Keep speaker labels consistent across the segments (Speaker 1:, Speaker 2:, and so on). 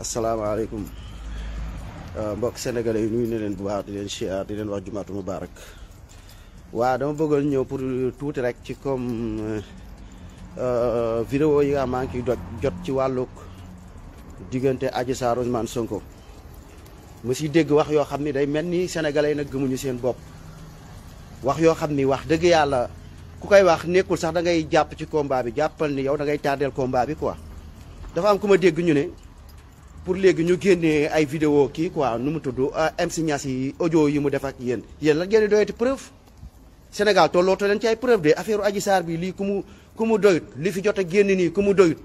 Speaker 1: Assalamualaikum. Eh, mbok sénégalais yi nuyu na leen bu baax di leen xiar di leen wax jumaatu mubarak wa dama bëggal ñëw pour tuuti rek ci comme eh, eh, vidéo yi nga manki jot ci wàllug digënté Adji Sarr Ousmane Sonko mu si dégg wax yo xamni ni day melni ni sénégalais yi nag gëmuñu seen bop wax yo xamni wax dëgg yalla ku koy wax nekkul sax da ngay japp ci combat bi jappal ni yow da ngay tardel combat bi quoi dafa am kuma dégg ñu né pour léegi ñu génnee ay vidéo kii quoi nu mu tudd euh, MC Niass yi audio yi mu def ak yéen yéen lan ngeen di doyati preuve Sénégal tollootoo leen ci ay preuve de affaire Adji Sarr bi lii ku mu ku mu doyut li fi jot a génn nii ku mu doyut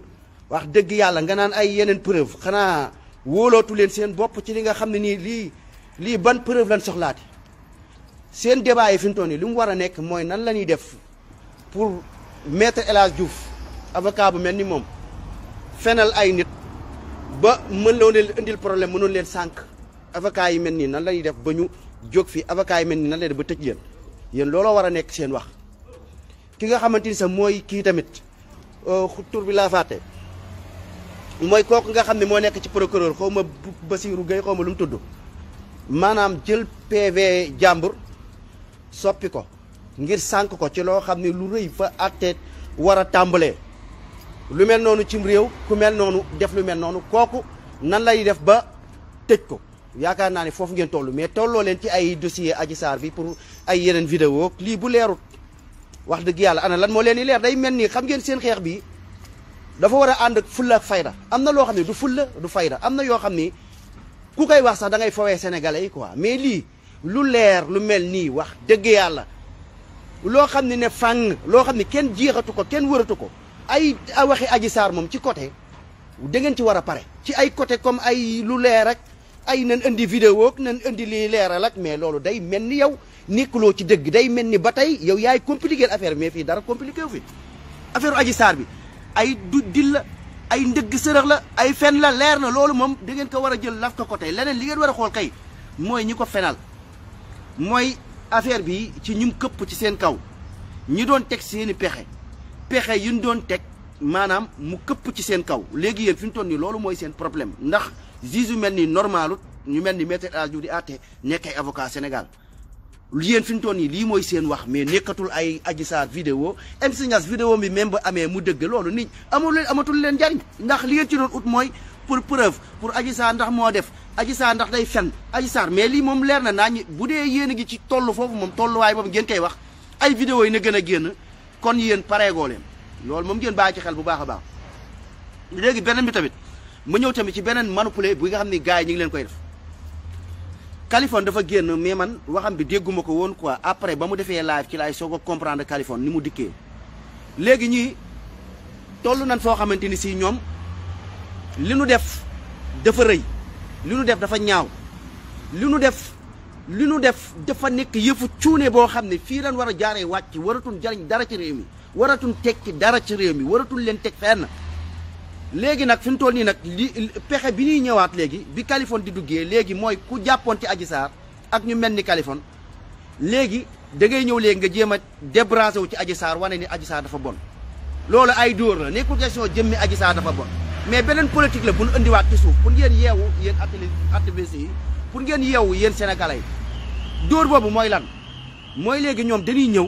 Speaker 1: wax dëgg yàlla nga naan ay yeneen preuve xanaa wóolootu leen seen bopp ci li nga xam ne nii lii lii ban preuve lan soxlaati seen débat yi fi mu toll nii li mu war a nekk mooy nan la ñuy def pour maître El Hadj Diouf avocat bu mel ni moom fenal ay nit. ba mën mënoo leen indil problème mënoon leen sànq avocat yi mel nii nan la ñuy def ba ñu jóg fii avocat yi mel nii nan la def ba tëj yen yéen looloo war a nekk seen wax ki nga xamante ni sax mooy kii tamit euh, tur bi laa fàtte mooy kooku nga xam ne moo nekk ci procureur xaw ma Basirou Gueye xaw ma lu mu tudd maanaam jël PV jàmbur soppi ko ngir sànq ko ci loo xam ne lu rëy fa àtte war a tàmbalee lu mel noonu cim réew ku mel noonu def lu mel noonu kooku nan lay def ba tëj ko yaakaar naa ne foofu ngeen tollu mais tolloo leen ci ay dossier Adji saar bi pour ay yeneen vidéo lii bu leerut wax dëgg yàlla ana lan moo leen di leer day mel nii xam ngeen seen xeex bi dafa war a ànd ak fulla fayda am na loo xam ne du fulla du fayda am na yoo xam ni ku koy wax sax da ngay fowee sénégalais yi quoi mais lii lu leer lu mel nii wax dëgg yàlla loo xam ne ne fàng loo xam ne kenn jeexatu ko kenn wëratu ko ay waxi Adji Sarr moom ci côté da ngeen ci war a pare ci ay côté comme ay lu leer ak ay nan indi vidéo ak nan indi lii leeral ak mais loolu day mel ni yow nekkuloo ci dëgg day mel ni ba tey yow yaay compliquer affaire bi mais fii dara compliqué wu fi affaire Adji Sarr bi ay du dil la ay ndëgg sërëx la ay fen la leer na loolu moom da ngeen ko war a jël laf ko côté leneen li ngeen war a xool kay mooy ñi ko fenal mooy affaire bi ci ñum këpp ci seen kaw ñi doon teg seeni pexe pexe yi ñu doon teg maanaam mu këpp ci seen kaw léegi yéen fi mu toll nii loolu mooy seen problème ndax juge yu mel ni normalut ñu mel ni maître El Hadji Diouf di àtte nekk ay avocat Sénégal yéen fi mu toll nii lii mooy seen wax mais nekkatul ay Adji Sarr vidéo MC Niass vidéo même ba amee mu dëgg loolu nit amul amatul leen njariñ ndax li ngeen ci doon ut mooy pour preuve pour Adji ndax moo def Adji Sarr ndax day fen Adji Sarr mais lii moom leer na naa ñi bu dee yéen ngi ci toll foofu moom tolluwaay boobu ngeen koy wax ay vidéo yi na gën a génn kon yéen pareegoo leen loolu moom ngeen baa ci xel bu baax a baax léegi beneen bi tamit ma ñëw tamit ci beneen manipulé bi nga xam ni gars yi ngi leen koy def Kaliphone dafa génn mais man waxam bi dégguma ko woon quoi après ba mu defee live ci laay soo ko comprendre Kaliphone ni mu dikkee léegi ñii toll nañ foo xamante ni si ñoom li nu def dafa rëy li nu def dafa ñaaw li nu def li nu def dafa nekk yëfu cuune boo xam ne fii ren war a jaaree wàcc waratul jariñ dara ci réew mi waratul tekki dara ci réew mi waratul leen teg fenn léegi nag fi mu toll nii nag li pexe bi ñuy ñëwaat léegi bi Kaliphone di duggee léegi mooy ku jàppoon ci Adji Sarr ak ñu mel ni Kaliphone léegi da ngay ñëw léegi nga jéem a débrasé wu ci Adji Sarr wane ni Adji Sarr dafa bon loolu ay dóor la nekkul question jëmmi Adji Sarr dafa bon mais beneen politique la bu nu indiwaat ci suuf pour yéen yeewu yéen activiste yi pour ngeen yeewu yéen sénégalais yi dóor boobu mooy lan mooy léegi ñoom dañuy ñëw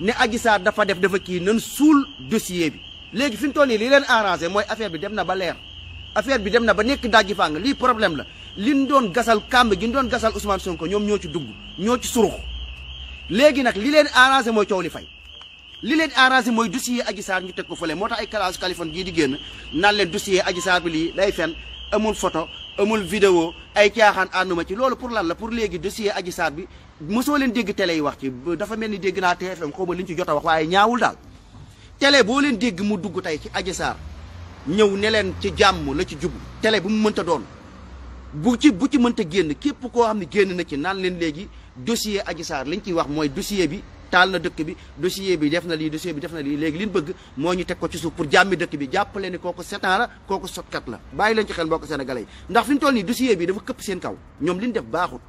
Speaker 1: ne Adji Sarr dafa def dafa kii nan suul dossier bi léegi fi mu toll nii li leen arrangé mooy affaire bi dem na ba leer affaire bi dem na ba nekk dajji fàng lii problème la liñ doon gasal kàmb gi ñu doon gasal Ousmane Sonko ñoom ñoo ci dugg ñoo ci surux léegi nag li leen arrangé mooy coow li fay li leen arrangé mooy dossier Adji Sarr ñu teg ko fële moo tax ay kalaasu Kaliphone gii di génn naan leen dossier bi lii day fen amul foto amul vidéo ay caaxaan ànduma ci loolu pour lan la pour léegi dossier Adji Sarr bi mosoo leen dégg télé yi wax ci dafa mel ni dégg naa TFM xaw ma li ñu ci jot a wax waaye ñaawul daal télé boo leen dégg mu dugg tey ci Adji ñëw ne leen ci jàmm la ci jub télé bu mu mënta doon bu ci bu ci mënta génn képp koo xam ne génn na ci naan leen léegi dossier Adji Sarr liñ ciy wax mooy dossier bi taal na dëkk bi dossier bi def na lii dossier bi def na lii léegi lin ñu bëgg moo ñu teg ko ci suuf pour jàmmi dëkk bi jàppale ni kooku setan la kooku sotkat la bàyyi leen ci xel mbokk sénégalais yi ndax fi ñu toll nii dossier bi dafa këpp seen kaw ñoom li ñu def baaxut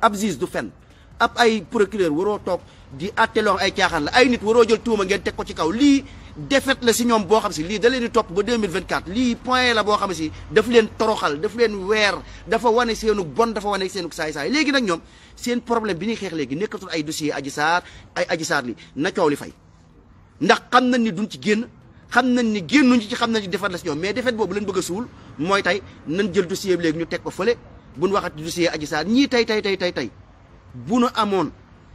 Speaker 1: ab juge du fen ab ay procureur waroo toog di àtte loo ay caaxaan la ay nit waroo jël tuuma ngeen teg ko ci kaw lii defet la si ñoom boo xam si lii da leen di topp ba 2024 lii point la boo xam si daf leen toroxal dafa leen weer dafa wane seenu bon dafa wane seenu saay-saay léegi nag ñoom seen problème bi ñuy xeex léegi nekkatul ay dossier aji saar ay aji saar li na coow li fay ndax xam nañ ni duñ ci génn xam nañ ni génnuñ ci xam na ni défaite la si ñoom mais défaite boobu leen bëgg suul mooy tey nañ jël dossier bi léegi ñu teg ko fële buñ waxati dossier aji saar ñii tey tey tey tey tey bu nu amoon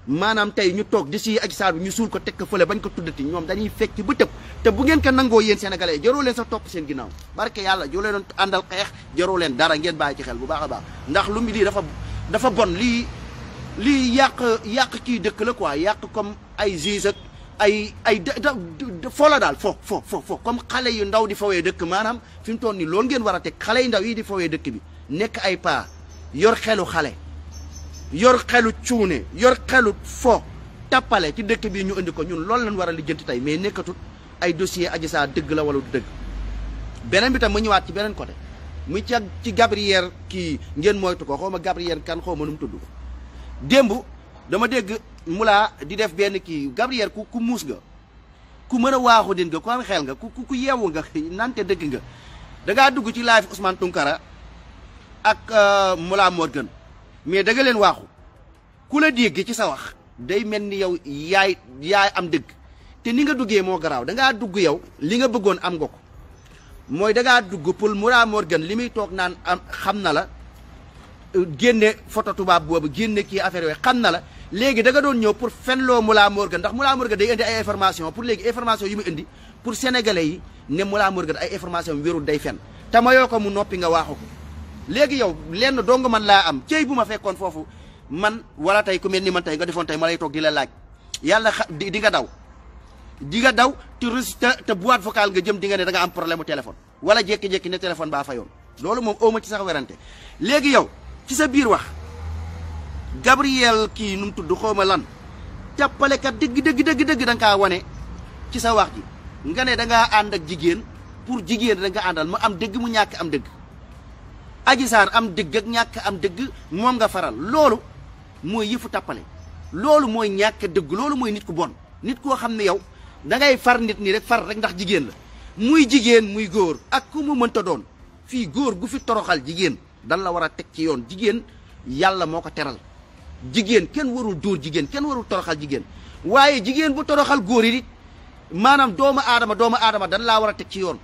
Speaker 1: maanaam tey ñu toog di si ak saar bi ñu suul ko teg ko fële bañ ko tuddati ñoom dañuy fekk bu tëb te bu ngeen ko nangoo yéen sénégalais jaroo leen sax topp seen ginnaaw barke yàlla joo leen àndal xeex jaroo leen dara ngeen bàyyi xel bu baax a baax ndax lu mi lii dafa dafa bon lii lii yàq yàq kii dëkk la quoi yàq comme ay juge ak ay ay da foo la daal fo foo foo fo comme xale yu ndaw di fawee dëkk maanaam fi mu toll nii loolu ngeen war a teg xale yu ndaw yi di fawee dëkk bi nekk ay paa yor xelu xale yor xelu cuune yor xelu fo tappale ci dëkk bii ñu indi ko ñun loolu lañ war a lijjanti tey mais nekkatut ay dossier aji saa dëgg la walla du dëgg beneen bi tam ma ñëwaat ci beneen côté mu ca ci Gabriel kii ngeen moytu ko xaw ma Gabriel kan xaw ma nu mu tudd ko démb dama dégg mulaa di def benn kii Gabriel ku ku muus nga ku mën a waaxu din nga ku am xel nga ku ku yeewu nga nante dëgg nga da ngaa dugg ci live Ousmane Tounkara ak euh, Mollah Morgun mais da nga leen waaxu ku la dégg ci sa wax day mel ni yow yaay yaay am dëgg te ni nga duggee moo garaaw da ngaa dugg yow li nga bëggoon am nga ko mooy da dugg pour Moura Morgan li muy toog naan am xam na la génne photo tubaab boobu génne kii affaire yooyu xam na la léegi da nga doon ñëw pour fenloo Moura Morgan ndax Moura Morgan day indi ay information pour léegi information yi mu indi pour sénégalais yi ne Moura Morgan ay information wérul day fen te yoo ko mu noppi nga waaxu léegi yow lenn dong man laa am céy bu ma fekkoon foofu man wala tey ku mel ni man tey nga defoon tey ma lay toog di la laaj yàlla xa di nga daw di nga daw te te waat vocale nga jëm di nga ne danga am problème mu wala jékki-jékki ne téléphone baa fayoon loolu moom awma ci sax werante léegi yow ci sa biir wax Gabriel kii nu xaw ma lan jàppalekat dëgg dëgg dëgg dëgg kaa wane ci sa wax nga ne da ngaa ànd ak jigéen pour jigéen da nga àndal mu am dëgg mu ñàkk am dëgg Adji Sarr am dëgg ak ñàkk am dëgg moom nga faral loolu mooy yëfu tàppale loolu mooy ñàkk dëgg loolu mooy nit ku bon nit koo xam ne yow dangay far nit nii rek far rek ndax jigéen la muy jigéen muy góor ak ku mu mënta doon fii góor gu fi toroxal jigéen dan la war a teg ci yoon jigéen yàlla moo ko teral jigéen kenn warul dóor jigéen kenn warul toroxal jigéen waaye jigéen bu toroxal góor yi it maanaam doomu aadama doomu aadama dan laa war a teg ci yoon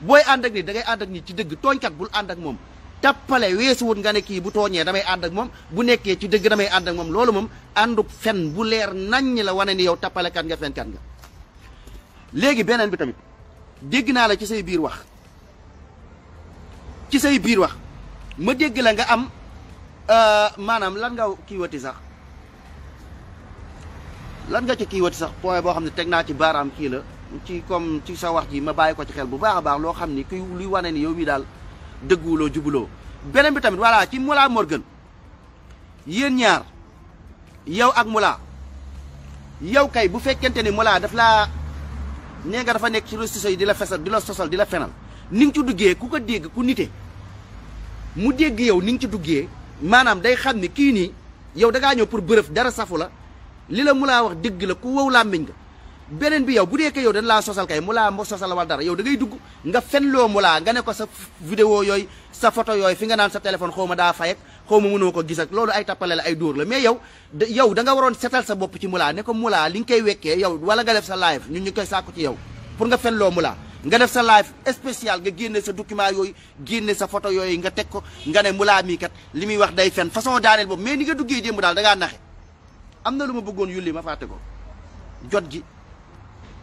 Speaker 1: booy ànd ak da ngay ànd ak ni ci dëgg tooñkat bul ànd ak moom tapale weesuwut nga ne ki bu tooñee damay and ak moom bu nekkee ci dëgg damay and ak moom loolu mom anduk fen bu leer nañ la wané ni yow kan nga kan nga légui benen bi tamit dégg na la ci say biir wax ci say biir wax ma dégg la nga am euh, manam lan nga ki wati sax lan nga ci ki wati sax point bo xamni tek na ci baram ki la ci comme ci sa wax ji ma bayiko ci xel bu baax baax lo xamni luy wané ni yow mi dal dëgguwuloo jubuloo beneen bi tamit voilà ci Mollah Morgun yéen ñaar yow ak Mollah yow kay bu fekkente ni Mollah daf laa nee nga dafa nekk ci réseaux sociaux di la fesal di la sosal di la fenal ni nga ci duggee ku ko dégg ku nite mu dégg yow ni nga ci duggee maanaam day xam ni kii nii yow da ñëw pour bërëf dara safu la li la Mollah wax dëgg la ku wow làmmiñ nga beneen bi yow bu dee que yow dañ laa sosal kay mu laa mo sosal wala dara yow da ngay dugg nga fenloo mu laa nga ne ko sa vidéo yooyu sa foto yooyu fi nga naan sa téléphone xaw ma daa fay ak xaw ma mënoo ko gis ak loolu ay tappale la ay dóor la mais yow yow da nga waroon setal sa bopp ci mu laa ne ko mu laa li nga koy wekkee yow wala nga def sa live ñun ñu koy sàkku ci yow pour nga loo mu laa nga def sa live spécial nga génne sa document yooyu génne sa foto yooyu nga teg ko nga ne mulaa mii kat li muy wax day fen façon daaneel boobu mais ni nga duggee démb daal da ngaa na lu ma bëggoon yulli ma fàtte ko jot gi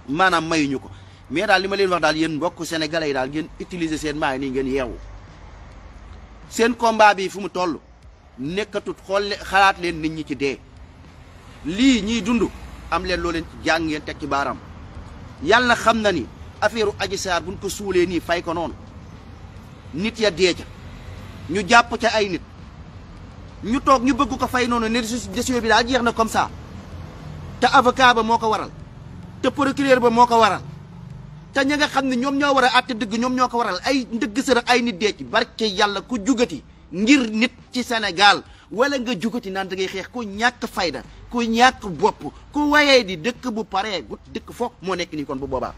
Speaker 1: maanaam mayuñu ko mais daal li ma leen wax daal yéen mbokk sénégalais yi daal ngeen utiliser seen maa nii ngeen yeewu seen combat bi fu mu toll nekkatut xool xalaat leen nit ñi ci dee lii ñiy dund am leen loo leen jàng ngeen teg ci baaraam yàlla xam na ni affaire Adji Sarr buñ ko suulee nii fay ko noonu nit ya dee ñu jàpp ca ay nit ñu toog ñu bëgg ko fay noonu ne décision bi daal jeex na comme ça te avocat moo ko waral te procureur ba moko waral te ñinga xamni ñom ño wara atté deug ñom ño ko waral ay ndëgg sërëx ay nit dee ci barke ku jugati ngir nit ci Sénégal wala nga jugati nan da ngay xex ku ñak fayda ku ñak bop ku wayé di dëkk bu paré gut dëkk fo mo nek ni kon bu boba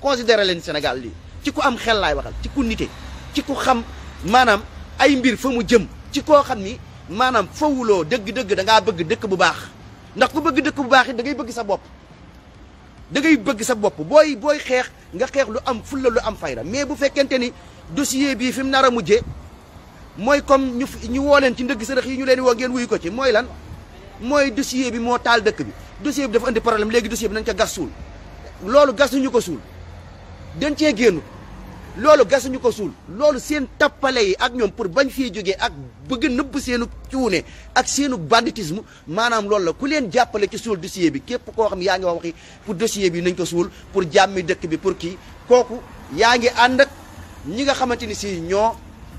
Speaker 1: considéré len Sénégal li ci ku am xel lay waxal ci ku nité ci ku xam manam ay mbir fa mu jëm ci ko xamni ni fawulo deug deug da nga bëgg dëkk bu baax ndax ku bëgg dëkk bu baax da ngay bëgg sa bop da ngay bëgg sa bopp booy booy xeex nga xeex lu am fulla lu am fayda mais bu fekkente ni dossier bii fi mu nar a mujjee mooy comme ñu ñu woo leen ci ndëgg sërëx yi ñu leen woo ngeen wuyu ko ci mooy lan mooy dossier bi moo taal dëkk bi dossier bi dafa indi problème léegi dossier bi nañ ko gas suul loolu gas nañu ko suul dañ cee génn lolu gasuñu ko sul, lolu seen tapale yi ak ñom pour bañ fi joggé ak bëgg neub seenu cuune ak seenu banditisme manam lolu la ku leen jappalé ci sul dossier bi képp ko xam yaangi wax waxi pour dossier bi nañ ko sul pour jammi dëkk bi pour ki koku yaangi and ak ñi nga xamanteni ci si ñoo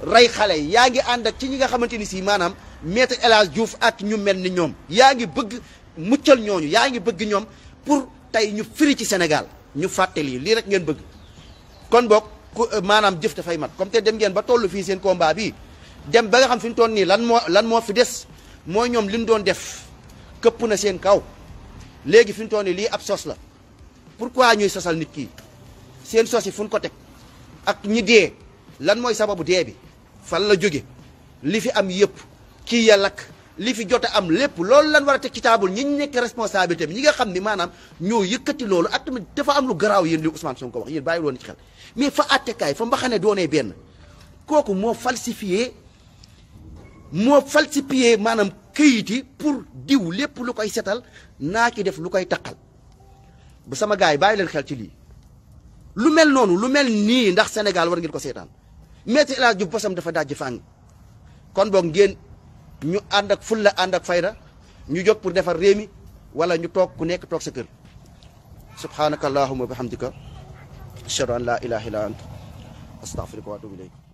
Speaker 1: rey xale yi yaa ak ci ñi nga xamanteni ci manam maître El Diouf ak ñu melni ñom yaangi bëgg muccal ñooñu yaangi bëgg ñom pour tay ñu firi ci Sénégal ñu fatali li rek ngeen bëgg kon bok ko euh, maanaam jëf dafay mat comme te dem ngeen ba toll fii seen baa bi dem ba nga xam fi ñu toll nii lan moo lan moo fi des mooy ñoom li ñu doon def këppu na seen kaw léegi fi ñu toll nii lii ab sos la pour pourquoi ñuy sosal nit kii seen sos yi fu ko teg ak ñi dee lan mooy sababu dee bi fan la jóge li fi am yëpp kii ya lakk li fi jot a am lépp loolu lan war a teg ci taabul ñi nekk responsabilité bi nga xam ni maanaam ñoo yëkkati loolu ak tamit dafa am lu garaaw yéen li Ousmane Sonko wax yéen bàyyi woon ci xel mais fa kay fa mbaxane doonee benn ben, moo falsifié falsifier falsifié maanaam manam yi pour diw lepp lu koy setal na ki def lu koy takal bu sama gars yi len xel ci li lu mel noonu lu mel ni ndax Sénégal war ngir ko seetaan metti ila djub Diouf bosam dafa dajji fang kon bok ngeen ñu and ak fulla and ak fayda ñu jog pour defar réew wala ñu tok ku nek tok sa keur subhanakallahumma bihamdika أشهد أن لا إله إلا أنت أستغفرك وأتوب إليك